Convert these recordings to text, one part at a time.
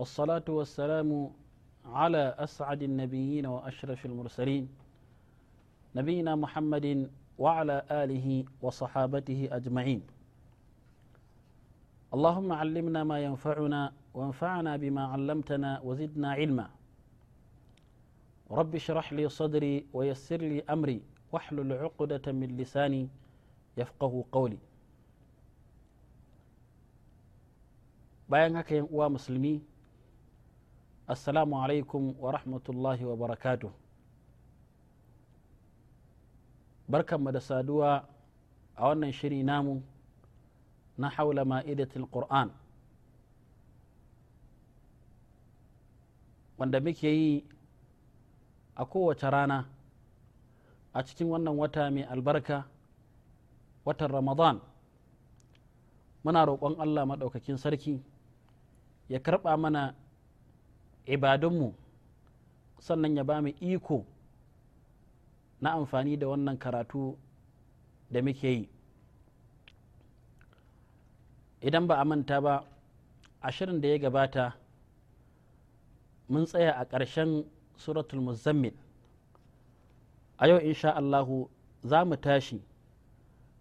والصلاة والسلام على أسعد النبيين وأشرف المرسلين نبينا محمد وعلى آله وصحابته أجمعين اللهم علمنا ما ينفعنا وانفعنا بما علمتنا وزدنا علما رب اشرح لي صدري ويسر لي أمري واحلل عقدة من لساني يفقه قولي bayan haka yan uwa musulmi assalamu alaikum wa rahmatullahi wa barakatu barkanmu da saduwa a wannan shiri namu na haula ma'idatul qur'an wanda muke yi a kowace rana a cikin wannan wata mai albarka watan ramadan muna roƙon allah maɗaukakin sarki ya karɓa mana ibadunmu sannan ya ba mu iko na amfani da wannan karatu da muke yi idan ba a manta ba ashirin da ya gabata mun tsaya a ƙarshen suratul muzammil a yau insha Allahu za mu tashi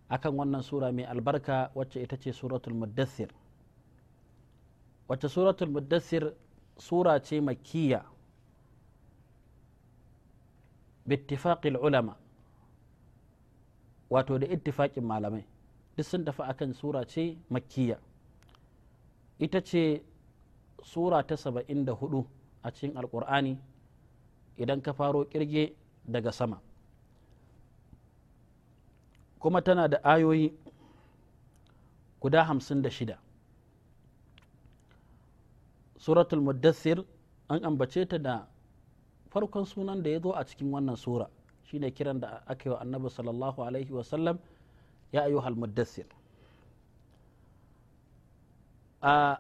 akan wannan sura mai albarka wacce ita ce suratul muddassir wacce suratul muddassir sura ce makkiya bittifaqil ulama wato da ittifaqin malamai duk sun tafi akan sura ce ita ce sura ta saba'in da hudu a cikin alkur'ani idan ka faro kirge daga sama kuma tana da ayoyi guda hamsin da shida suratul muddassir an ambace ta da farkon sunan da ya zo a cikin wannan sura shine kiran da aka yi wa annabi sallallahu alaihi wasallam ya ayyuhal muddassir a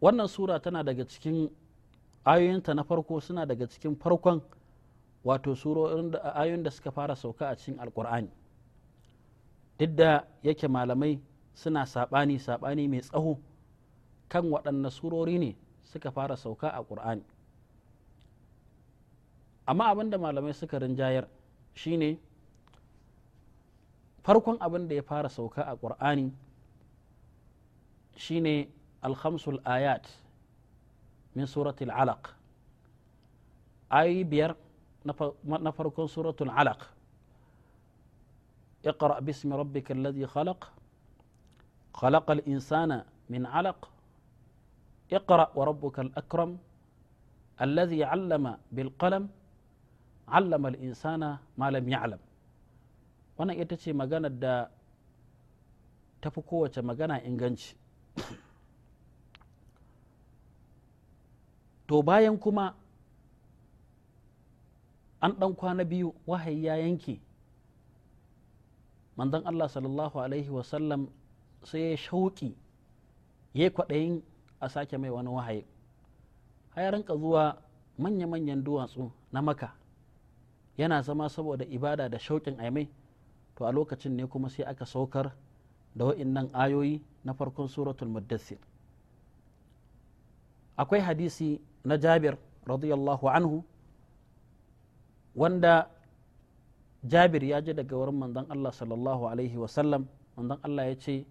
wannan sura tana daga cikin ayoyinta na farko suna daga cikin farkon wato da ayoyin da suka fara sauka a cikin alkur'ani duk da yake malamai suna saɓani saɓani mai tsaho kan waɗanne surori ne suka fara sauka a ƙur'ani amma abin da malamai suka rinjayar shine farkon abin da ya fara sauka a ƙur'ani shine alhamsul ayat min suratul alaq ayi biyar na farkon suratul alaq اقرأ باسم ربك الذي خلق خلق الإنسان من علق اقرأ وربك الأكرم الذي علم بالقلم علم insana ما لم يعلم wannan ita ce maganar da ta fi kowace magana inganci to bayan kuma an ɗan kwana biyu wahayi ya yanke manzon allah sallallahu alaihi wasallam sai ya shauƙi ya kwaɗayin a sake mai wani wahayi ya rinka zuwa manya-manyan duwatsu na maka yana zama saboda ibada da shauƙin aimai to a lokacin ne kuma sai aka saukar da wa'innan ayoyi na farkon suratul muddassir akwai hadisi na jabir radiyallahu anhu wanda jabir ya ji daga wurin manzon allah sallallahu alaihi wasallam manzon allah ya ce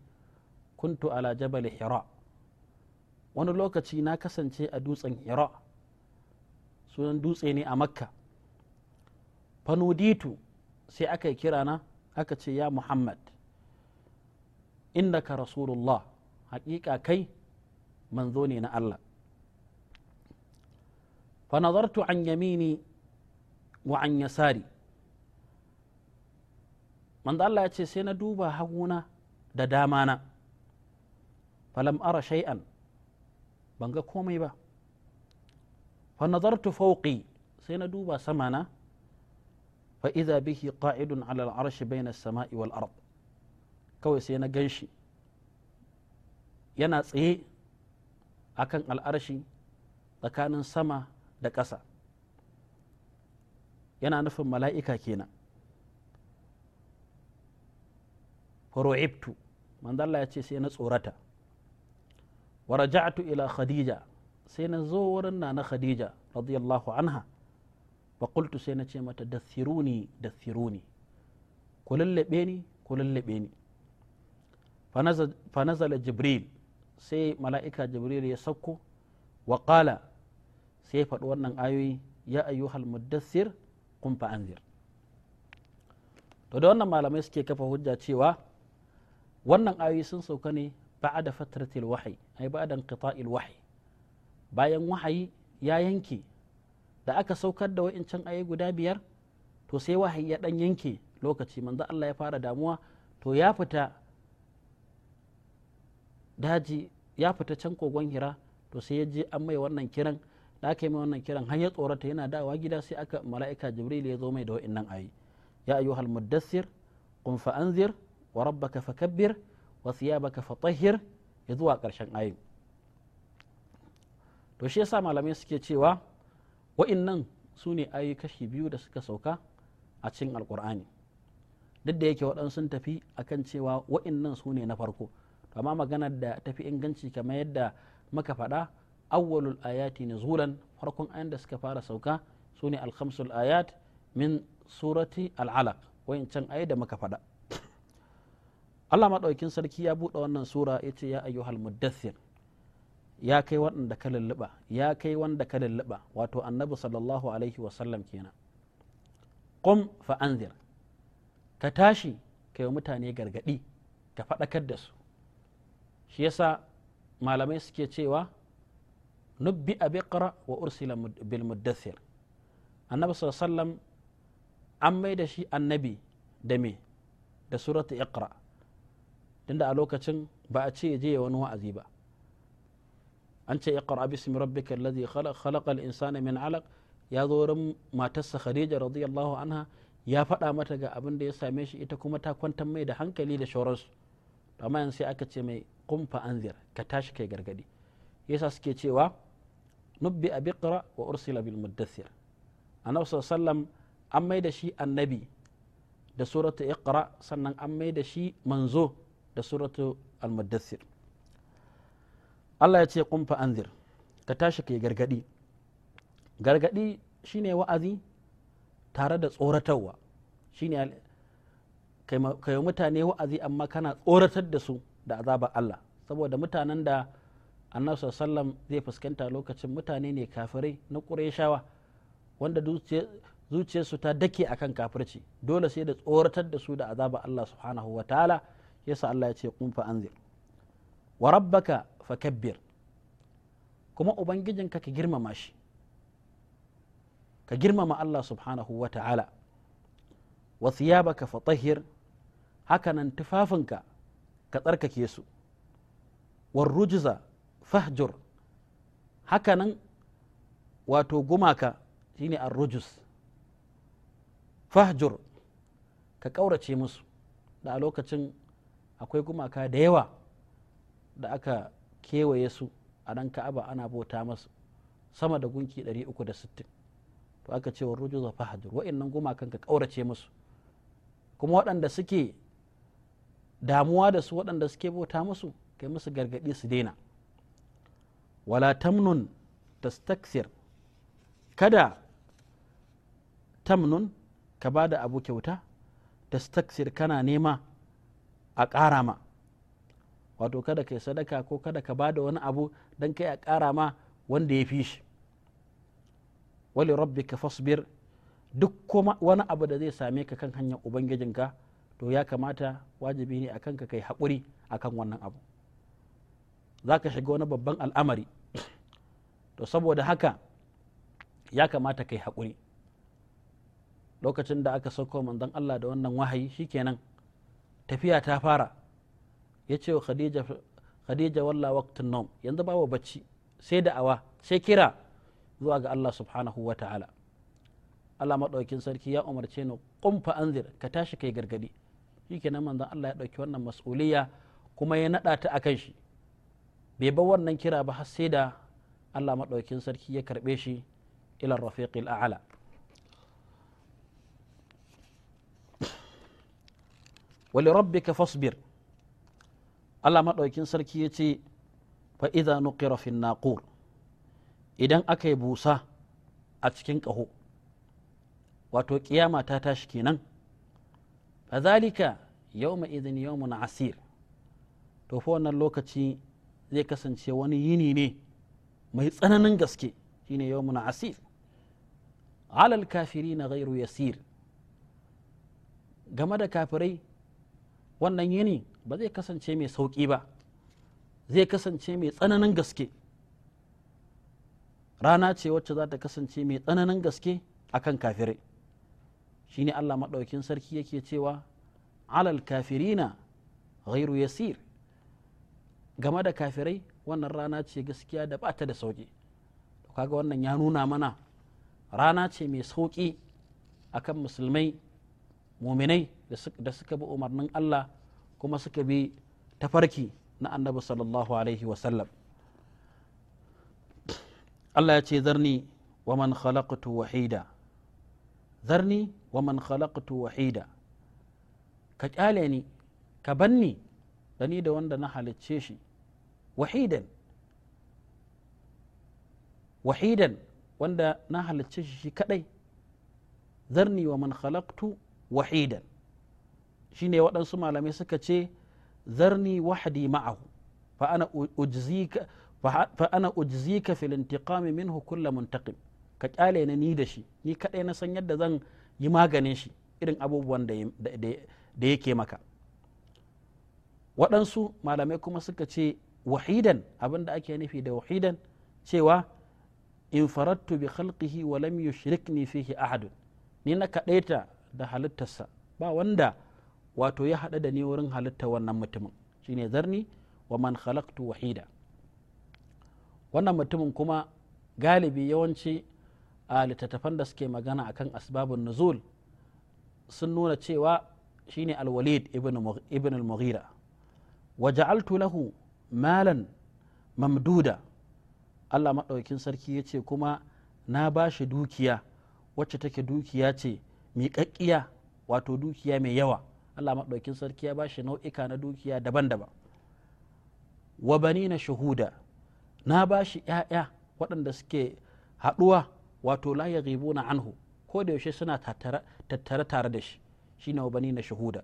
kuntu ala jabal hira wani lokaci na kasance a dutsen hira sunan dutse ne a makka fanuditu sai aka yi kirana aka ce ya muhammad innaka rasulullah haƙiƙa kai manzo ne na allah fanazartu an yamini wa an yasari manzo allah ya ce sai na duba haguna da damana falam ara shay'an ban ga komai ba fa nazartu fawqi sai na duba sama na fa idza bihi qa'idun 'ala al-'arshi bayna as-sama'i wal ard kawai sai na ganshi yana tsaye akan al'arshi tsakanin sama da ƙasa yana nufin mala'ika kenan faro'ibtu manzalla ya ce sai na tsorata wa ila khadija sai na zo wurin na khadija radiyallahu anha fa sai na ce mata dathiruni dasiruni ku lallabe ni ku lallabe ni jibril sai mala'ika jibril ya sauko wa sai faɗi wannan ayoyi ya ayyuhal muddassir kun fa anzir to da wannan malamai suke kafa hujja cewa wannan ayoyi sun sauka ne ba'da fatratil wahyi ai ba'da inqita'il wahyi bayan wahayi ya yanke da aka saukar da wa'incan ayi guda biyar to sai wahayi ya dan yanke lokaci manzo Allah ya fara damuwa to ya fita daji ya fita can kogon hira to sai ya je an mai wannan kiran da aka yi mai wannan kiran har ya tsorata yana dawa gida sai aka mala'ika jibril ya zo mai da wa'innan ayi ya ayyuhal muddassir qum fa anzir wa rabbaka fakabbir wa thiyabaka fatahhir ya zuwa ƙarshen ayin to shi yasa malamai suke cewa wa'innan su ne ayi kashi biyu da suka sauka a cikin alkur'ani duk yake waɗansu sun tafi akan cewa wa'innan su ne na farko amma maganar da tafi inganci kamar yadda muka faɗa awwalul ayati nuzulan farkon ayan da suka fara sauka su ne alkhamsul min surati al'alaq wayancan ayi da muka faɗa Allah maɗaukin sarki ya buɗe wannan sura ya ce ya ayyuhal muddathir ya kai wanda ka lulluɓa ya kai wanda ka lulluɓa wato annabi sallallahu alaihi wasallam kenan ƙum fa anzir ka tashi ka yi mutane gargaɗi ka faɗakar da su shi yasa malamai suke cewa nubbi a qara wa ursila bil muddathir annabi sallallahu an mai da shi annabi da me da suratu iqra' tunda a lokacin ba a ce ya je ya wani wa'azi ba an ce ya bismi rabbika rabbi kallazi khalaqa insana min 'alaq ya zo wurin matarsa Khadija radiyallahu anha ya faɗa mata ga abin da ya same shi ita kuma ta kwantar mai da hankali da shauransu amma yanzu sai aka ce mai kumfa anzir ka tashi kai gargadi yasa suke cewa nubbi a biqra wa ursila bil muddathir annabi sallam an mai da shi annabi da surata iqra sannan an mai da shi manzo da suratu al Allah ya ce kumfa anzir ka tashi kai gargadi gargadi shine wa'azi tare da tsoratarwa shine ka yi mutane wa'azi amma kana tsoratar da su da azabar Allah saboda mutanen da annabi sallam zai fuskanta lokacin mutane ne kafirai na ƙureshawa wanda zuciyarsu ta dake akan kafirci dole sai da tsoratar da su da azabar Allah subhanahu wa ta'ala yasa Allah ya ce qum fa anzir wa rabbaka fakabbir kuma ubangijinka ka girmama shi ka girmama Allah subhanahu wa ta'ala wa thiyabaka fatahhir hakanan tufafinka ka tsarkake su war rujza fahjur hakanan wato gumaka shine ar-rujus fahjur ka kaurace musu da a lokacin akwai gumaka da yawa da aka kewaye su a nan ka'aba ana bauta masu sama da gunki 360 to aka cewa rujo zafa hajjur wa'annan gumakan ka ƙaurace musu kuma waɗanda suke damuwa da su waɗanda suke bauta musu kai musu gargaɗi su daina wala tamnun tastaksir kada tamnun ka ba da abu kyauta tastaksir kana nema a ƙara ma wato kada ka yi sadaka ko kada ka bada wani abu don kai a ƙara ma wanda ya fi shi wali rabbi ka fasbir duk kuma wani abu da zai same ka kan hanyar ubangijinka to ya kamata wajibi ne a kanka kai haƙuri a kan wannan abu za ka shiga wani babban al'amari to saboda haka ya kamata kai haƙuri lokacin da aka sauko manzon Allah da wannan wahayi shi kenan tafiya ta fara ya ce wa khadija walla waqtun nom yanzu babu bacci sai da'awa sai kira zuwa ga Allah subhanahu wa ta'ala Allah maɗaukin sarki ya umarce ni kumfa anzir ka tashi kai gargadi shi ke nan manzon Allah ya ɗauki wannan mas'uliyya kuma ya naɗa ta a kan shi bai bar wannan kira ba har sai da Allah maɗaukin sarki ya karɓe shi ila rafiqil a'la wali rabbika fasbir Allah maɗaukin sarki ya ce fa idza nuqira idan aka yi busa a cikin ƙaho wato ƙiyama ta tashi kenan A zalika yawma idhin yawmun asir to fa wannan lokaci zai kasance wani yini ne mai tsananin gaske shine yawmun asir alal kafiri na gairu yasir game da kafirai wannan yini ba zai kasance mai sauƙi ba zai kasance mai tsananin gaske rana ce wacce za ta kasance mai tsananin gaske a akan kafirai ne Allah maɗaukin sarki yake cewa alal kafirina ghairu yasir game da kafirai wannan rana ce gaskiya da ba ta da sauƙi kaga wannan ya nuna mana rana ce mai sauƙi akan musulmai muminai da suka bi umarnin Allah kuma suka bi tafarki na annabi sallallahu alaihi wasallam Allah ya ce zarni wa man khalaqtu wahida zarni wa man khalaqtu wahida ka kyale ni ka banni da ni da wanda na halicce shi wahidan wahidan wanda na halicce shi kadai zarni wa man khalaqtu wahidan shine waɗansu malamai suka ce zarni wahdi ma'ahu fa ana ujzika fa fil intiqami minhu kulla muntaqim ka kyale ni ni da shi ni kadai na san yadda zan yi maganin shi irin abubuwan da yake maka waɗansu malamai kuma suka ce wahidan abin da ake nufi da wahidan cewa in farattu bi khalqihi wa lam yushrikni fihi ahadun ni na kadaita da halittarsa ba wanda wato ya haɗa da ni wurin halitta wannan mutumin shine zarni wa man khalaqtu wahida wannan mutumin kuma galibi yawanci a littattafan da suke magana akan asbabun nuzul sun nuna cewa shine alwalid ibn al-mughira wa ja'altu lahu malan mamduda Allah maɗaukin sarki ya ce kuma na ba shi dukiya wacce take dukiya ce miƙaƙƙiya wato dukiya mai yawa Allah maɗaukin sarki ya shi nau'ika na dukiya daban-daban wa bani na shahuda na ba shi ‘ya'ya waɗanda suke haɗuwa wato la ribu na anhu ko da yaushe suna tattare tare da shi shine wa bani na shahuda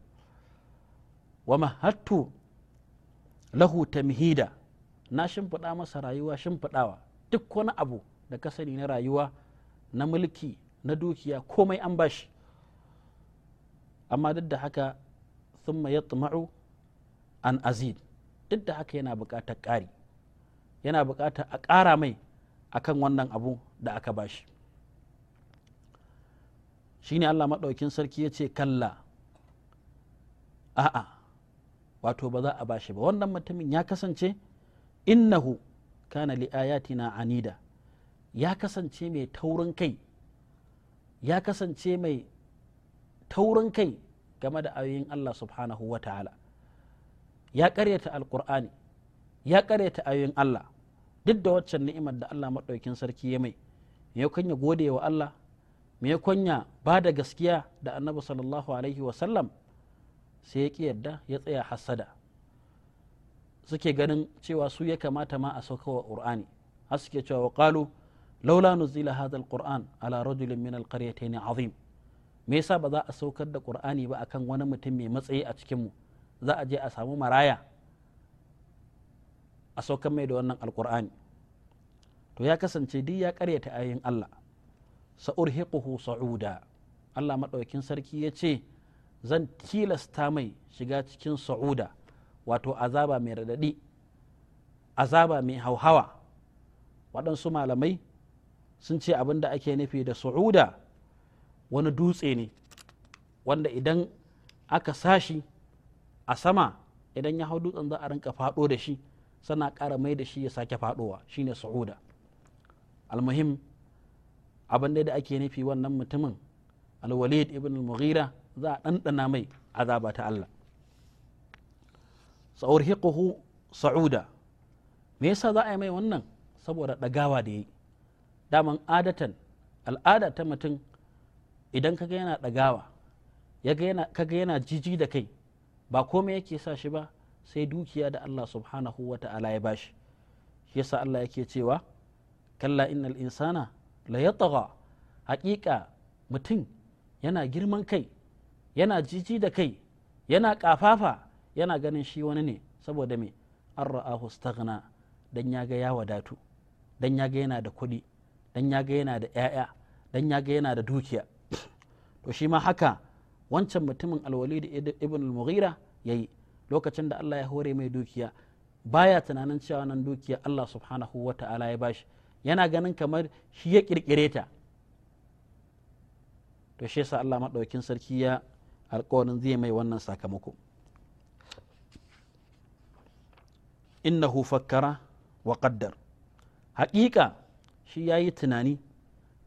wa mahattu lahu tamhida na shimfiɗa masa rayuwa shimfiɗawa duk wani abu da ka sani na rayuwa na mulki na dukiya komai an bashi amma duk da haka ya yatma'u an azid duk da haka yana buƙatar ƙari yana buƙatar a ƙara mai a kan wannan abu da aka ba shi shine Allah maɗaukin sarki ya ce kalla a'a wato ba za a ba shi ba wannan mutumin ya kasance innahu kana li'ayatina anida ya kasance mai taurin kai ya kasance mai taurin kai game da ayoyin Allah subhanahu wa ta'ala ya karyata alkur'ani ya karyata ayoyin Allah duk da waccan ni'imar da Allah maɗaukin sarki ya mai me ya kunya gode wa Allah me ya kunya ba da gaskiya da annabi sallallahu alaihi wa sallam sai ya ƙi yadda ya tsaya hassada suke ganin cewa su ya kamata ma a saukawa qur'ani har suke cewa wa qalu laula nuzila hadha alquran ala rajulin min alqaryatayn azim me yasa ba za a saukar da qur'ani ba akan wani mutum mai matsayi a cikin mu za a je a samu maraya a saukar mai da wannan alqur'ani to ya kasance duk ya karyata ayin Allah sa'urhiquhu sa'uda Allah maɗaukin sarki ya ce zan tilasta mai shiga cikin sa'uda wato azaba mai radadi azaba mai hauhawa waɗansu malamai sun ce abin da ake nufi da sa'uda wani dutse ne wanda idan aka sashi a sama idan ya hau dutsen za a rinka faɗo da shi sana ƙara mai da shi ya sake faɗowa shine su'uda almuhim abin da ake nufi wannan mutumin alwalid ibn al-mughira za a ɗanɗana mai azaba ta Allah sa'urhiquhu sa'uda me yasa za a yi mai wannan saboda ɗagawa da yi daman adatan al'ada ta mutum idan kaga yana ɗagawa kaga yana jiji da kai ba komai yake sa shi ba sai dukiya da Allah subhanahu wa ta'ala ya bashi shi yasa Allah yake cewa kalla innal insana la yatagha haƙiƙa mutum yana girman kai yana jiji da kai yana kafafa yana ganin shi wani ne saboda me an ra'ahu staghna dan ya ga ya wadatu dan ya ga yana da kuɗi dan ya ga yana da 'ya'ya dan ya ga yana da dukiya to shi ma haka wancan mutumin da ibn al-mughira yayi lokacin da Allah ya hore mai dukiya baya tunanin cewa nan dukiya Allah subhanahu wa ta'ala ya bashi yana ganin kamar shi ya kirkire ta to shi yasa Allah madaukin sarki ya alƙawarin zai mai wannan sakamako innahu fakkara wa qaddar haƙiƙa shi yayi tunani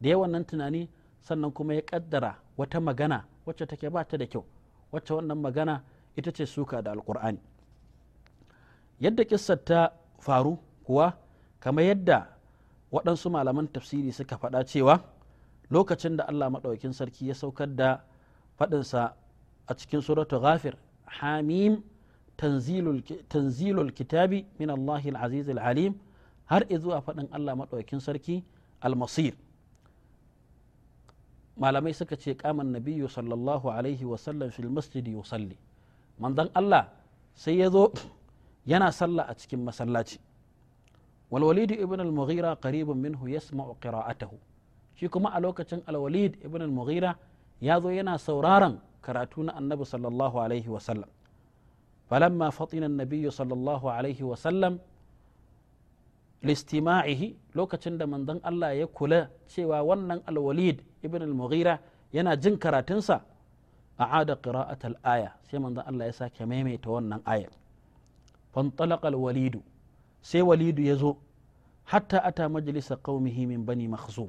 da yawan nan tunani sannan kuma ya ƙaddara. wata magana wacce take ba ta da kyau wacce wannan magana ita ce suka da alkur'ani yadda kissar ta faru kuwa kamar yadda waɗansu malaman tafsiri suka faɗa cewa lokacin da allah maɗaukin sarki ya saukar da faɗinsa a cikin suratu ghafir hamim tanzilul kitabi min allahil azizil alim har izuwa faɗin allah maɗaukin sarki almasir malamai suka ce kaman nabiyyu sallallahu alaihi wasallam fil masjidi yusalli manzon Allah sai ya zo yana sallah a cikin masallaci Walwalidu ibn al-mughira qaribun minhu yasma'u qira'atahu shi kuma a lokacin alwalid walid ibn al-mughira ya zo yana sauraron karatu na annabi sallallahu alaihi wasallam falamma fatina an-nabiyyu sallallahu alaihi wasallam listima'ihi lokacin da manzon Allah ya kula cewa wannan alwalid ibn al-mughira yana jin karatunsa a ada qira'at aya sai manzon Allah ya sake maimaita wannan ayar fantalaqa al-walidu sai walidu ya zo hatta ata majlisa qaumihi min bani makhzum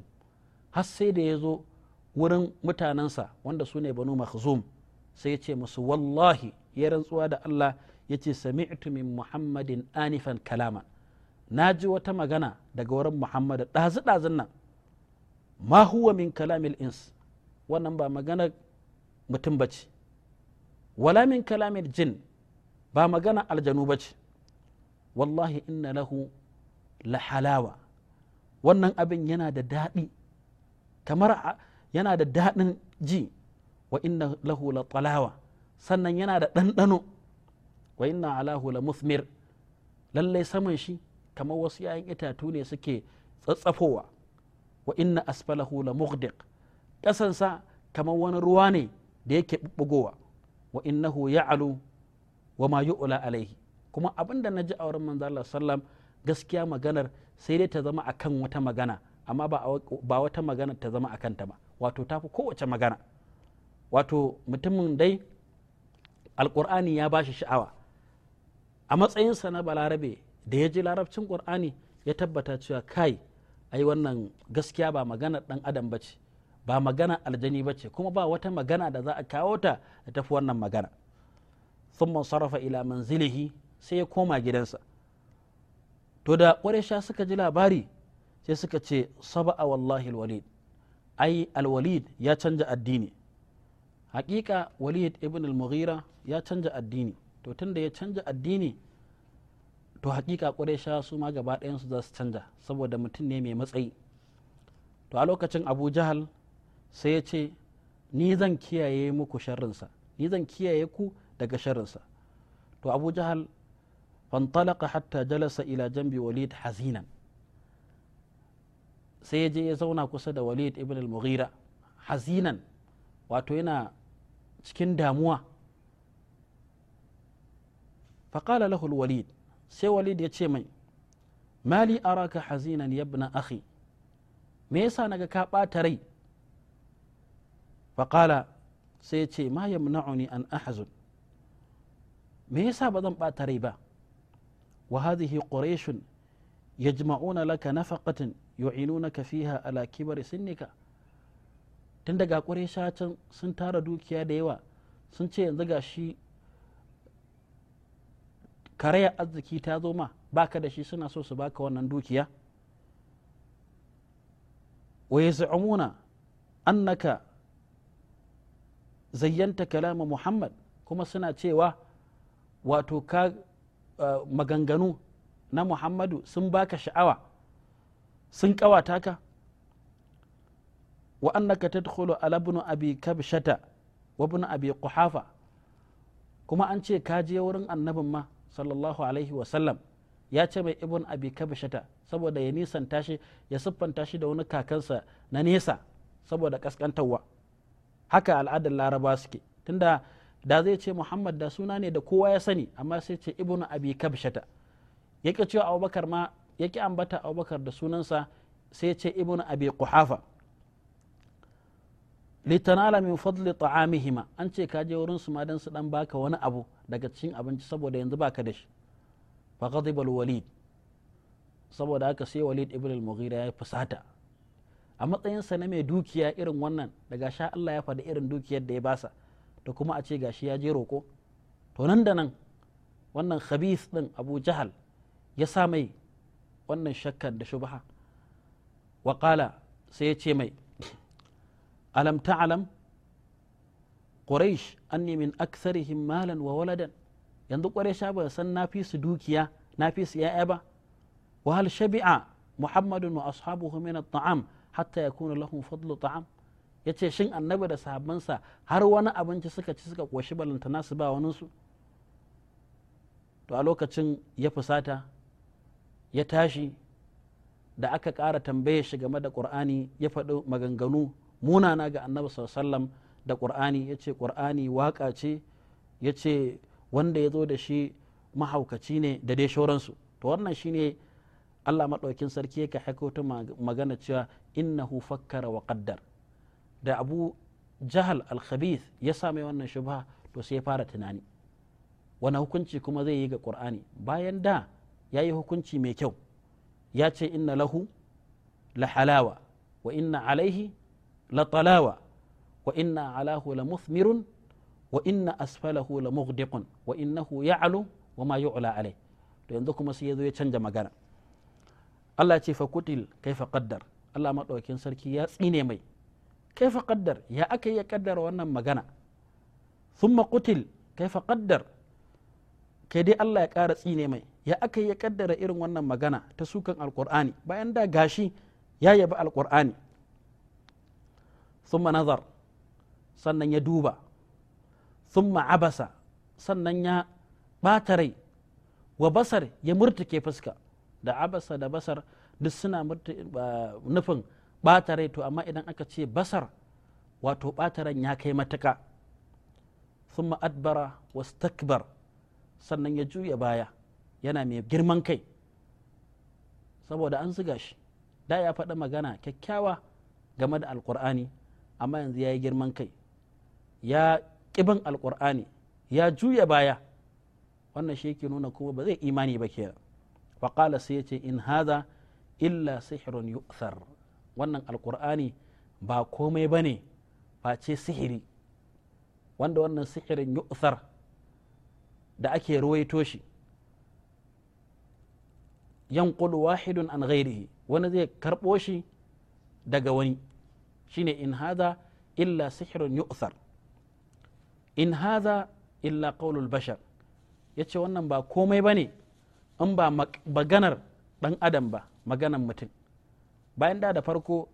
har sai da ya zo wurin mutanensa wanda su ne banu makhzum sai ya ce musu wallahi ya rantsuwa da Allah ya ce sami'tu min muhammadin anifan kalama na ji wata magana daga wurin muhammadu ɗazu-ɗazun nan ma huwa min kalamil ins wannan ba magana mutum ba ce wala min kalamil jin ba magana aljanu ba ce wallahi inna lahu la halawa wannan abin yana da daɗi kamar yana da daɗin ji wa inna lahu la talawa sannan yana da ɗanɗano wa inna alahu la musmir lallai saman shi kamar wasu 'ya'yan itatu ne suke tsatsafowa wa inna asfalahu la mughdiq kasansa kamar wani ruwa ne da yake bubbugowa wa innahu ya'alu wa ma yu'la alaihi kuma abinda na naji a wurin manzo Allah sallam gaskiya maganar sai dai ta zama akan wata magana amma ba wata magana ta zama akan ta ba wato tafi kowace magana wato mutumin dai alkur'ani ya bashi sha'awa a matsayinsa na balarabe da ya ji larabcin ƙur'ani ya tabbata cewa kai ai wannan gaskiya ba maganar ɗan adam ba ce ba magana aljani ba ce kuma ba wata magana da za a kawo ta da tafi wannan magana sun sarrafa ila manzilihi sai ya koma gidansa to da ƙwarisha suka ji labari sai suka ce saba'a wallahi alwalid ai alwalid ya canja addini hakika walid ibn al-mughira ya canja addini to tunda ya canja addini to hakika ƙuraysha su ma gaba ɗayansu za su canja saboda mutum ne mai matsayi to a lokacin abu jahal sai ya ce ni zan kiyaye muku sharrinsa ni zan kiyaye ku daga sharrinsa to abu jahal fantalaka hatta jalasa ila jambi walid hazinan sai ya je ya zauna kusa da walid ibn al-mughira hazinan wato yana cikin damuwa faƙala lahul walid sai walid ya ce mai mali araka hazinan yabna akhi me yasa naga ka ɓata rai faƙala sai ya ce ma yamna'uni an ahzun me yasa ba zan ɓata rai ba wa hadhihi qurayshun yajma'una laka nafaqatan yu'inunaka fiha ala kibari sinnika tun daga quraysha can sun tara dukiya da yawa sun ce yanzu gashi karayar arziki ta zo ma baka da shi suna so su baka wannan dukiya wa yaz'umuna annaka zayyanta kalama muhammad kuma suna cewa wato ka eh, maganganu na muhammadu sun baka sha'awa sun kawata ka wa annaka tadkhulu ala ibn abi kabshata wa ibn abi quhafa kuma an ce ka je wurin annabin ma sallallahu alaihi wasallam ya ce mai ibn abi kabishata saboda ya nisan shi ya siffanta shi da wani kakansa na nesa saboda kaskantarwa haka al'adar laraba suke tunda da zai ce muhammad da suna ne da kowa ya sani amma sai ce ibn abi kabishata ya cewa abubakar ma ya ki ambata abubakar da sunansa sai ce ibn abi kuhafa litanala min fadli ta'amihima an ce ka je wurin su ma dan su dan baka wani abu daga cikin abinci saboda yanzu baka da shi fa ghadiba walid saboda haka sai walid ibn al-mughira ya fusata a matsayinsa na mai dukiya irin wannan daga sha Allah ya faɗi irin dukiyar da ya basa da kuma a ce gashi ya je roko to nan da nan wannan khabith din abu jahal ya sa mai wannan shakkar da shubha wa sai ya ce mai alam ta'alam quraish anni min aktharihim malan wa waladan yanzu quraisha ba san na fi dukiya na fi ya'ya ba wa hal shabi'a muhammadun wa ashabuhu min at-ta'am hatta yakuna lahum fadlu ta'am yace shin annabi da sahabansa har wani abinci suka ci suka koshi balantana su ba wani su to a lokacin ya fusata ya tashi da aka ƙara tambaye shi game da ƙur'ani ya faɗi maganganu munana ga annabi sallam da qur'ani yace qur'ani waka ce yace wanda ya zo da shi mahaukaci ne da dai shauransu to wannan shine Allah maɗaukin sarki yake haikota magana cewa innahu fakkara wa qaddar da abu jahal al ya same wannan shubha to sai ya fara tunani wani hukunci kuma zai yi ga qur'ani bayan da ya yi hukunci mai kyau ya ce inna lahu la halawa wa inna alaihi لطلاوة وإن أعلاه لمثمر وإن أسفله لمغدق وإنه يعلو وما يعلى عليه to yanzu kuma sai ya zo ya canja magana Allah ce fa kutil kaifa qaddar Allah madaukakin sarki ya tsine mai kaifa qaddar ya aka ya kaddara wannan magana thumma kutil kaifa qaddar kai dai Allah ya ƙara tsine mai ya aka ya kaddara irin wannan magana ta sukan alqur'ani bayan da gashi ya yabi alqur'ani thumma nazar sannan ya duba thumma abasa sannan ya ɓata rai wa basar ya murtuke fuska da abasa da basar duk suna nufin ɓata rai to amma idan aka ce basar wato ɓata ran ya kai matuka thumma adbara wastakbar sannan ya juya baya yana mai girman kai saboda an ziga shi da ya faɗi magana kyakkyawa game da alkur'ani amma yanzu ya yi girman kai ya ƙiban alƙur'ani ya juya baya wannan shi yake nuna kuma ba zai imani ba kenan faƙala sai ya ce in haza illa sihirun yu'thar wannan alƙur'ani ba komai ba ne face sihiri wanda wannan sihirin yu'thar da ake ruwaito shi yankulu wahidun an ghairihi wani zai karɓo shi daga wani shine in hadha illa sihrun yu'thar in hadha illa qaulul bashar yace wannan ba komai ne. in ba maganar dan adam ba maganar mutum bayan da da farko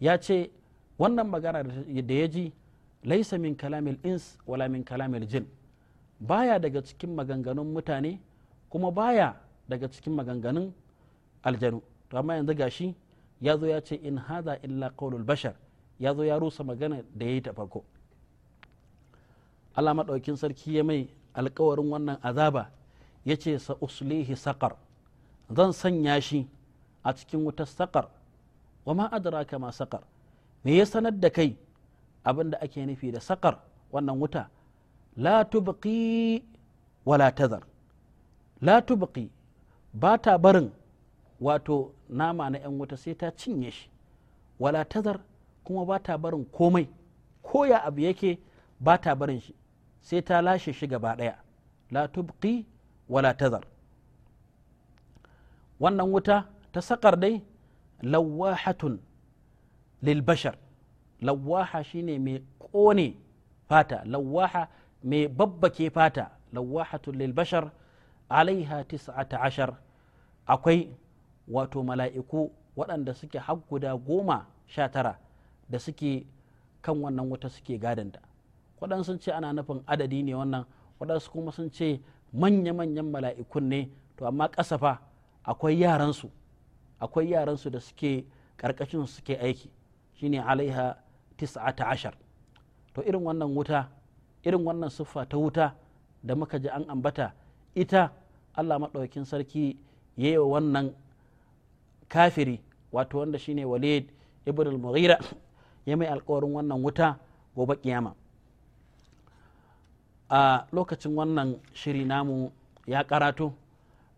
ya ce wannan magana da ya ji laisa min kalamil ins wala min kalamil jin baya daga cikin maganganun mutane kuma baya daga cikin maganganun aljanu to amma yanzu gashi ya zo ya ce in haza illa qaulul bashar ya zo ya rusa magana da ya yi ta farko Allah maɗaukin sarki ya mai alkawarin wannan azaba ya ce sa uslihi saƙar zan sanya shi a cikin wutar saƙar wa ma adraka ma saƙar me ya sanar da kai abin da ake nufi da saƙar wannan wuta la tubqi wala tazar la tubqi ba ta barin wato nama na 'yan wuta sai ta cinye shi wala tazar kuma ba ta barin komai ko ya abu yake ba ta barin shi sai ta lashe shi gaba ɗaya la tubqi wala tazar wannan wuta ta saƙar dai lawahatun Lilbashar. bashar lawaha shine mai ƙone fata lawaha mai babbake fata lawahatun Lilbashar bashar alaiha tis'ata ashar akwai wato mala'iku waɗanda suke har guda goma sha tara da suke kan wannan wuta suke gadanta waɗansu sun ce ana nufin adadi ne wannan waɗansu kuma sun ce manya-manyan mala'ikun ne to amma ƙasafa akwai yaransu akwai yaransu da suke ƙarƙashin suke aiki shine alaiha tis'ata ashar to irin wannan wuta irin wannan siffa ta wuta da muka ji an ambata ita allah maɗaukin sarki ya wannan kafiri wato wanda shine walid ibn al-mughira ya mai alkawarin wannan wuta gobe kiyama a lokacin wannan shiri namu ya karato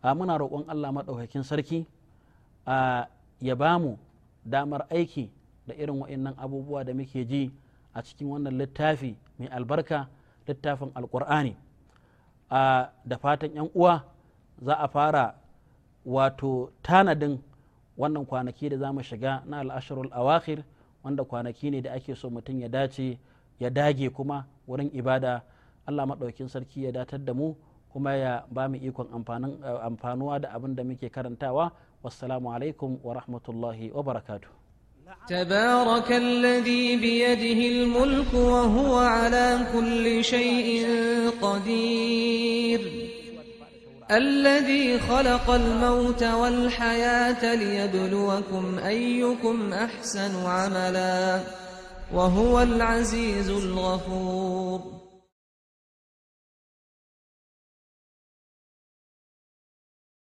muna roƙon allah maɗaukakin sarki ya ba mu damar aiki da irin wa'annan abubuwa da muke ji a cikin wannan littafi mai albarka littafin alkur'ani da fatan 'yan uwa za a fara wato tanadin wannan kwanaki da za mu shiga na al'ashirul awakhir wanda kwanaki ne da ake so mutum ya dace ya dage kuma wurin ibada allah maɗaukin sarki ya datar da mu kuma ya ba mu ikon amfanuwa da abin da muke karantawa wassalamu alaikum wa rahmatullahi wa barakatu تبارك الذي بيده الملك وهو على كل شيء قدير الذي خلق الموت والحياة ليبلوكم أيكم أحسن عملا وهو العزيز الغفور